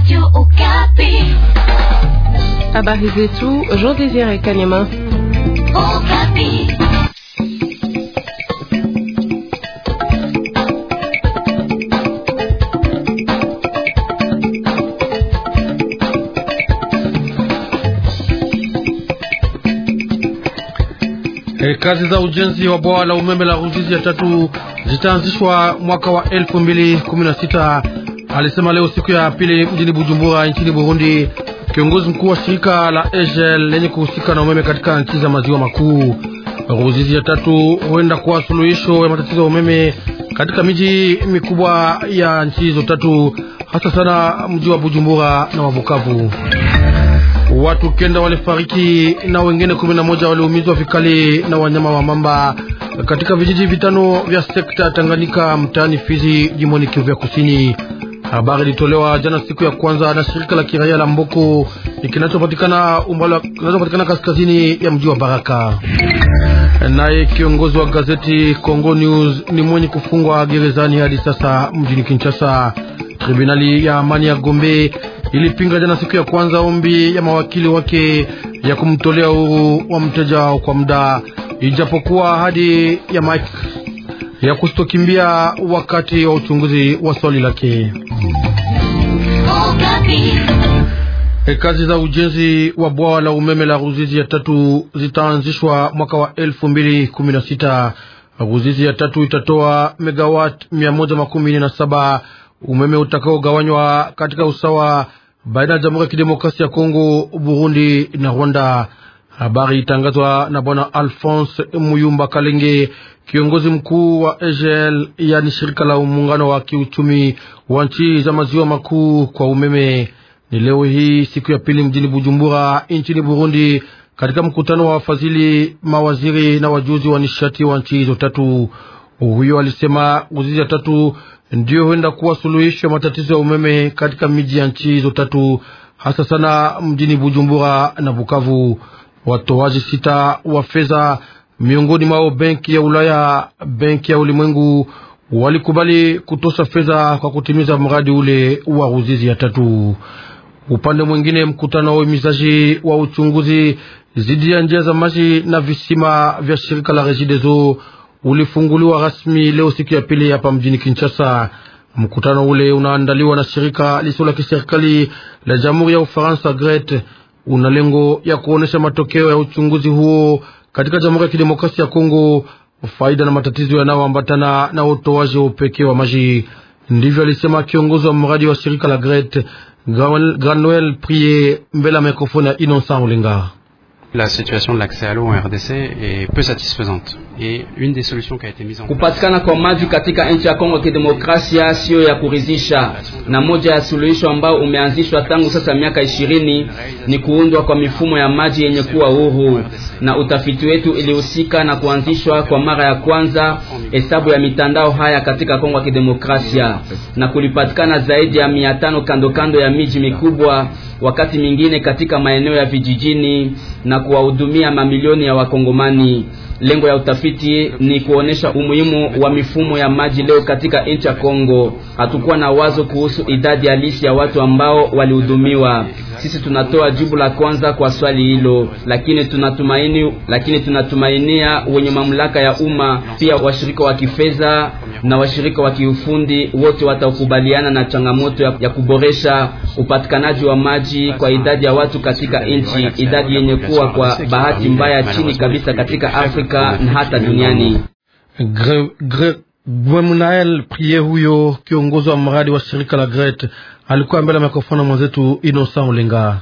Radio Okapi. Habari zetu Jean Désiré Kanyama. Okapi. E, kazi za ujenzi wa bwawa la umeme la Ruzizi ya tatu zitaanzishwa mwaka wa elfu mbili kumi na sita alisema leo siku ya pili mjini Bujumbura nchini Burundi. Kiongozi mkuu wa shirika la EGEL lenye kuhusika na umeme katika nchi za maziwa makuu. Ruzizi ya tatu huenda kuwa suluhisho ya matatizo ya umeme katika miji mikubwa ya nchi hizo tatu, hasa sana mji wa Bujumbura na wa Bukavu. Watu kenda walifariki na wengine kumi na moja waliumizwa vikali na wanyama wa mamba katika vijiji vitano vya sekta Tanganyika mtaani Fizi, jimboni Kivu ya Kusini. Habari ilitolewa jana siku ya kwanza na shirika la kiraia la Mboko kinachopatikana umbali kinachopatikana kaskazini ya mji wa Baraka. Naye kiongozi wa gazeti Congo News ni mwenye kufungwa gerezani hadi sasa mjini Kinshasa. Tribunali ya amani ya Gombe ilipinga jana siku ya kwanza ombi ya mawakili wake ya kumtolea uhuru wa mteja kwa muda, ijapokuwa hadi ya Mike ya kustokimbia wakati wa uchunguzi wa swali lake. E, kazi za ujenzi wa bwawa la umeme la Ruzizi ya tatu zitaanzishwa mwaka wa elfu mbili kumi na sita. Ruzizi ya tatu itatoa megawat mia moja makumi nne na saba umeme utakaogawanywa katika usawa baina ya Jamhuri ya Kidemokrasia ya Kongo, Burundi na Rwanda. Habari itangazwa na bwana Alphonse Muyumba Kalenge, kiongozi mkuu wa EGL, yani shirika la muungano wa kiuchumi wa nchi za maziwa makuu kwa umeme. Ni leo hii siku ya pili mjini Bujumbura nchini Burundi, katika mkutano wa wafadhili, mawaziri na wajuzi wa nishati wa nchi hizo tatu. Huyo alisema uzizi ya tatu ndiyo huenda kuwa suluhisho ya matatizo ya umeme katika miji ya nchi hizo tatu, hasa sana mjini Bujumbura na Bukavu watoaji sita wa fedha, miongoni mwao benki ya Ulaya, benki ya ulimwengu, walikubali kutosha fedha kwa kutimiza mradi ule wa Ruzizi ya tatu. Upande mwingine, mkutano wa uhimizaji wa uchunguzi zidi ya njia za maji na visima vya shirika la Regideso ulifunguliwa rasmi leo siku ya pili hapa mjini Kinshasa. Mkutano ule unaandaliwa na shirika lisilo la kiserikali la Jamhuri ya Ufaransa GRETE una lengo ya kuonesha matokeo ya uchunguzi huo katika Jamhuri ya Kidemokrasia ya Kongo, faida na matatizo yanayoambatana na utoaji wa upekee wa maji. Ndivyo alisema kiongozi wa mradi wa shirika la Gret Granuel Prie mbele ya mikrofoni ya Innocent Ulinga. La situation de l'accès à l'eau en RDC est peu satisfaisante et une des solutions qui a été mise en kupatikana kwa maji katika nchi ya Kongo ya Kidemokrasia siyo ya kuridhisha, na moja ya suluhisho ambayo umeanzishwa tangu sasa miaka ishirini ni kuundwa kwa mifumo ya maji yenye kuwa huru, na utafiti wetu ilihusika na kuanzishwa kwa mara ya kwanza hesabu ya mitandao haya katika Kongo ya Kidemokrasia, na kulipatikana zaidi ya mia tano kando kando ya miji mikubwa, wakati mingine katika maeneo ya vijijini, na kuwahudumia mamilioni ya Wakongomani. Lengo ya utafiti utafiti ni kuonesha umuhimu wa mifumo ya maji leo katika nchi ya Kongo. Hatukuwa na wazo kuhusu idadi halisi ya watu ambao walihudumiwa sisi tunatoa jibu la kwanza kwa swali hilo, lakini tunatumaini, lakini tunatumainia wenye mamlaka ya umma pia washirika wa kifedha na washirika wa kiufundi wote watakubaliana na changamoto ya, kuboresha upatikanaji wa maji kwa idadi ya watu katika nchi, idadi yenye kuwa kwa bahati mbaya chini kabisa katika Afrika na hata duniani. Gre, gre. Bwemunael Prie, huyo kiongozi wa mradi wa shirika la Gret, alikuwa mbele ya mikrofoni mwenzetu Inosa Olenga.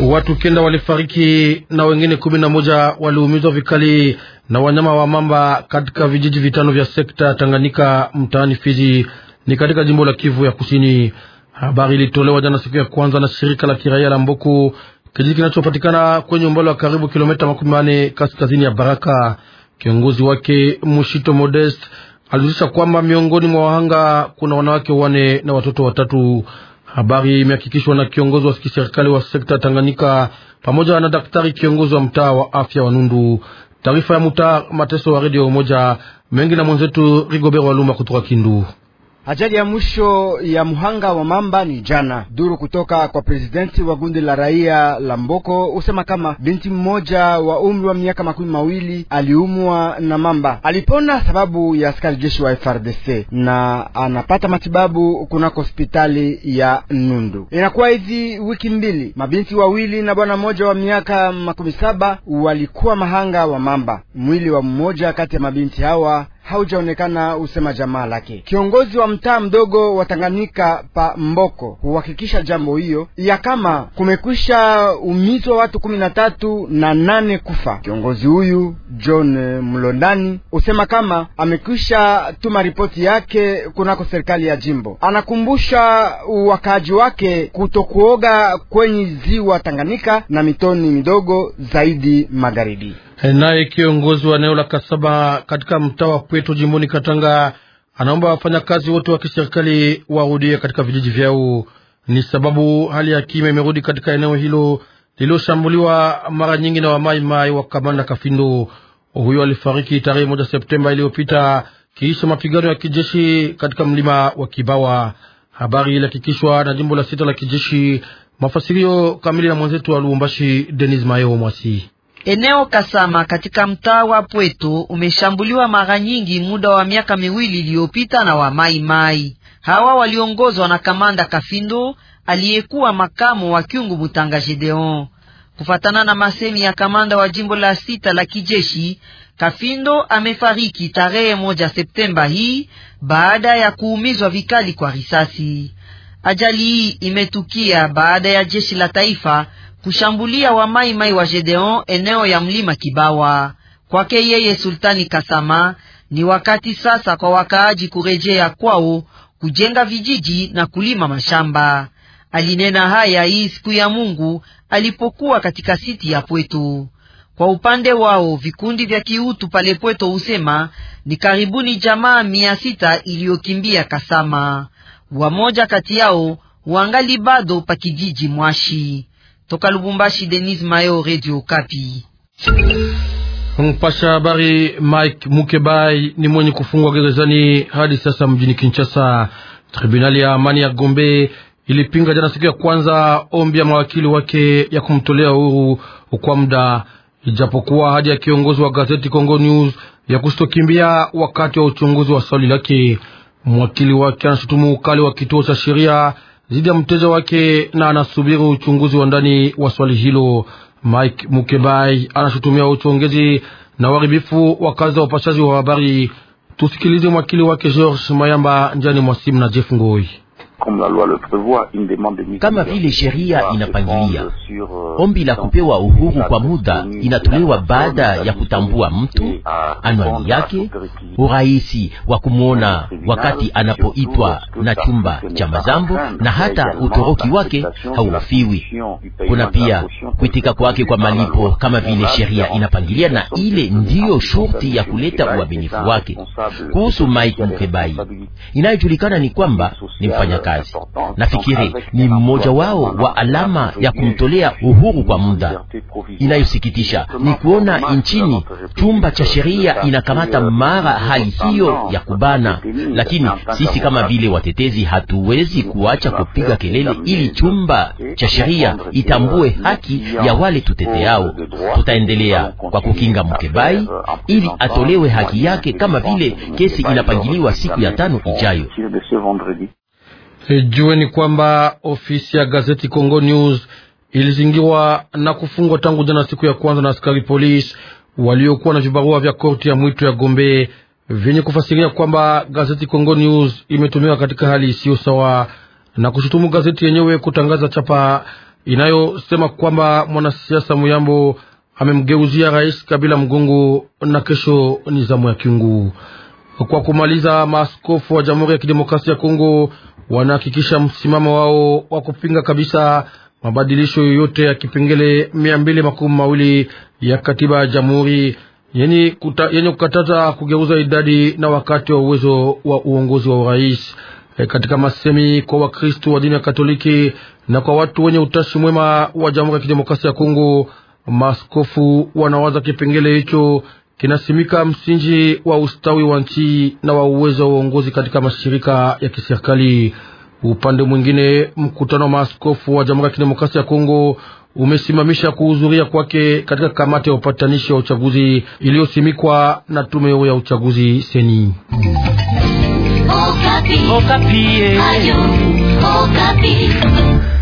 Watu kenda walifariki na wengine kumi na moja waliumizwa vikali na wanyama wa mamba katika vijiji vitano vya sekta Tanganyika mtaani Fizi ni katika jimbo la Kivu ya Kusini. Habari ilitolewa jana siku ya kwanza na shirika la kiraia la Mboku, kijiji kinachopatikana kwenye umbali wa karibu kilomita makumi manne kaskazini ya Baraka. Kiongozi wake Mushito Modest alijulisha kwamba miongoni mwa wahanga kuna wanawake wane na watoto watatu. Habari imehakikishwa na kiongozi wa kiserikali wa sekta Tanganyika pamoja na daktari kiongozi wa mtaa wa afya wa Nundu. Taarifa ya mtaa Mateso wa redio Umoja mengi na mwenzetu Rigobert Waluma kutoka Kindu. Ajali ya mwisho ya muhanga wa mamba ni jana. Duru kutoka kwa prezidenti wa gundi la raia la Mboko husema kama binti mmoja wa umri wa miaka makumi mawili aliumwa na mamba, alipona sababu ya askari jeshi wa FRDC na anapata matibabu kunako hospitali ya Nundu. Inakuwa hivi wiki mbili, mabinti wawili na bwana mmoja wa miaka makumi saba walikuwa mahanga wa mamba. Mwili wa mmoja kati ya mabinti hawa haujaonekana usema jamaa lake. Kiongozi wa mtaa mdogo wa Tanganyika pa Mboko huhakikisha jambo hiyo ya kama kumekwisha umizwa watu kumi na tatu na nane kufa. Kiongozi huyu John Mlondani husema kama amekwisha tuma ripoti yake kunako serikali ya jimbo. Anakumbusha wakaaji wake kutokuoga kwenye ziwa Tanganyika na mitoni midogo zaidi magharibi. Eh, naye kiongozi wa eneo la Kasaba katika mtaa wa Kwetu jimboni Katanga anaomba wafanyakazi wote wa kiserikali warudie katika vijiji vyao. Ni sababu hali ya kimya imerudi katika eneo hilo lililoshambuliwa mara nyingi na wamaimai wa kamanda Kafindo. Huyo alifariki tarehe moja Septemba iliyopita kiisha mapigano ya kijeshi katika mlima wa Kibawa. Habari ilihakikishwa na jimbo la sita la kijeshi. Mafasirio kamili na mwenzetu wa Lubumbashi, Denis Mayo Mwasi. Eneo Kasama katika mtaa wa Pweto umeshambuliwa mara nyingi muda wa miaka miwili iliyopita na wa Mai Hawa waliongozwa na kamanda Kafindo aliyekuwa makamo wa Kyungu Butanga Gedeon. Kufatana na masemi ya kamanda wa jimbo la sita la kijeshi, Kafindo amefariki tarehe moja Septemba hii baada ya kuumizwa vikali kwa risasi. Ajali hii imetukia baada ya jeshi la taifa kushambulia wa mai mai wa Gedeon eneo ya mlima Kibawa. Kwake yeye Sultani Kasama, ni wakati sasa kwa wakaaji kurejea kwao, kujenga vijiji na kulima mashamba. Alinena haya hii siku ya Mungu alipokuwa katika siti ya Pweto. Kwa upande wao vikundi vya kiutu pale Pweto husema ni karibuni jamaa mia sita iliyokimbia Kasama. Wamoja kati yao wangali bado pa kijiji Mwashi. Toka Lubumbashi, Denis Mayo, Radio Kapi. Mpasha habari Mike Mukebai ni mwenye kufungwa gerezani hadi sasa mjini Kinshasa. Tribunali ya amani ya Gombe ilipinga jana siku ya kwanza ombi ya mawakili wake ya kumtolea uhuru kwa muda, ijapokuwa hadi ya kiongozi wa gazeti Congo News ya kustokimbia wakati wa uchunguzi wa swali lake. Mwakili wake anashutumu ukali wa kituo cha sheria dhidi ya mteja wake na anasubiri uchunguzi wa ndani wa swali hilo. Mike Mukebai anashutumia uchongezi na uharibifu wa kazi za upashaji wa habari. Tusikilize mwakili wake George Mayamba njani mwa simu na Jeff Ngoi kama vile sheria inapangilia. Euh, ombi la kupewa uhuru kwa muda inatolewa baada ya kutambua mtu, anwani yake, urahisi wa kumwona wakati anapoitwa na chumba cha mazambo, na hata utoroki wake haufiwi. Kuna pia kuitika kwake kwa malipo kama vile sheria inapangilia, na ile ndiyo shurti ya kuleta uaminifu wake. Kuhusu Mike Mukebai, inayojulikana ni kwamba ni mfanyakazi kazi. Nafikiri ni mmoja wao wa alama ya kumtolea uhuru kwa muda. Inayosikitisha ni kuona nchini chumba cha sheria inakamata mara hali hiyo ya kubana, lakini sisi kama vile watetezi hatuwezi kuacha kupiga kelele ili chumba cha sheria itambue haki ya wale tuteteao. Tutaendelea kwa kukinga mkebai ili atolewe haki yake kama vile kesi inapangiliwa siku ya tano ijayo. E, Jueni kwamba ofisi ya gazeti Congo News ilizingirwa na kufungwa tangu jana siku ya kwanza na askari polisi waliokuwa na vibarua vya korti ya mwito ya Gombe vyenye kufasiria kwamba gazeti Congo News imetumiwa katika hali isiyo sawa na kushutumu gazeti yenyewe kutangaza chapa inayosema kwamba mwanasiasa Muyambo amemgeuzia rais Kabila mgongo na kesho ni zamu ya kiungu. Kwa kumaliza, maaskofu wa Jamhuri ya Kidemokrasia ya Kongo wanahakikisha msimamo wao wa kupinga kabisa mabadilisho yoyote ya kipengele mia mbili makumi mawili ya katiba ya jamhuri yenye kukataza kugeuza idadi na wakati wa uwezo wa uongozi wa urais. E, katika masemi kwa Wakristo wa dini ya Katoliki na kwa watu wenye utashi mwema wa Jamhuri ya Kidemokrasia ya Kongo, maskofu wanawaza kipengele hicho kinasimika msingi wa ustawi wa nchi na wa uwezo wa uongozi katika mashirika ya kiserikali. Upande mwingine, mkutano wa maaskofu wa Jamhuri ya Kidemokrasia ya Kongo umesimamisha kuhudhuria kwake katika kamati ya upatanishi wa uchaguzi iliyosimikwa na tume ya uchaguzi seni Okapi. Okapi. Eh.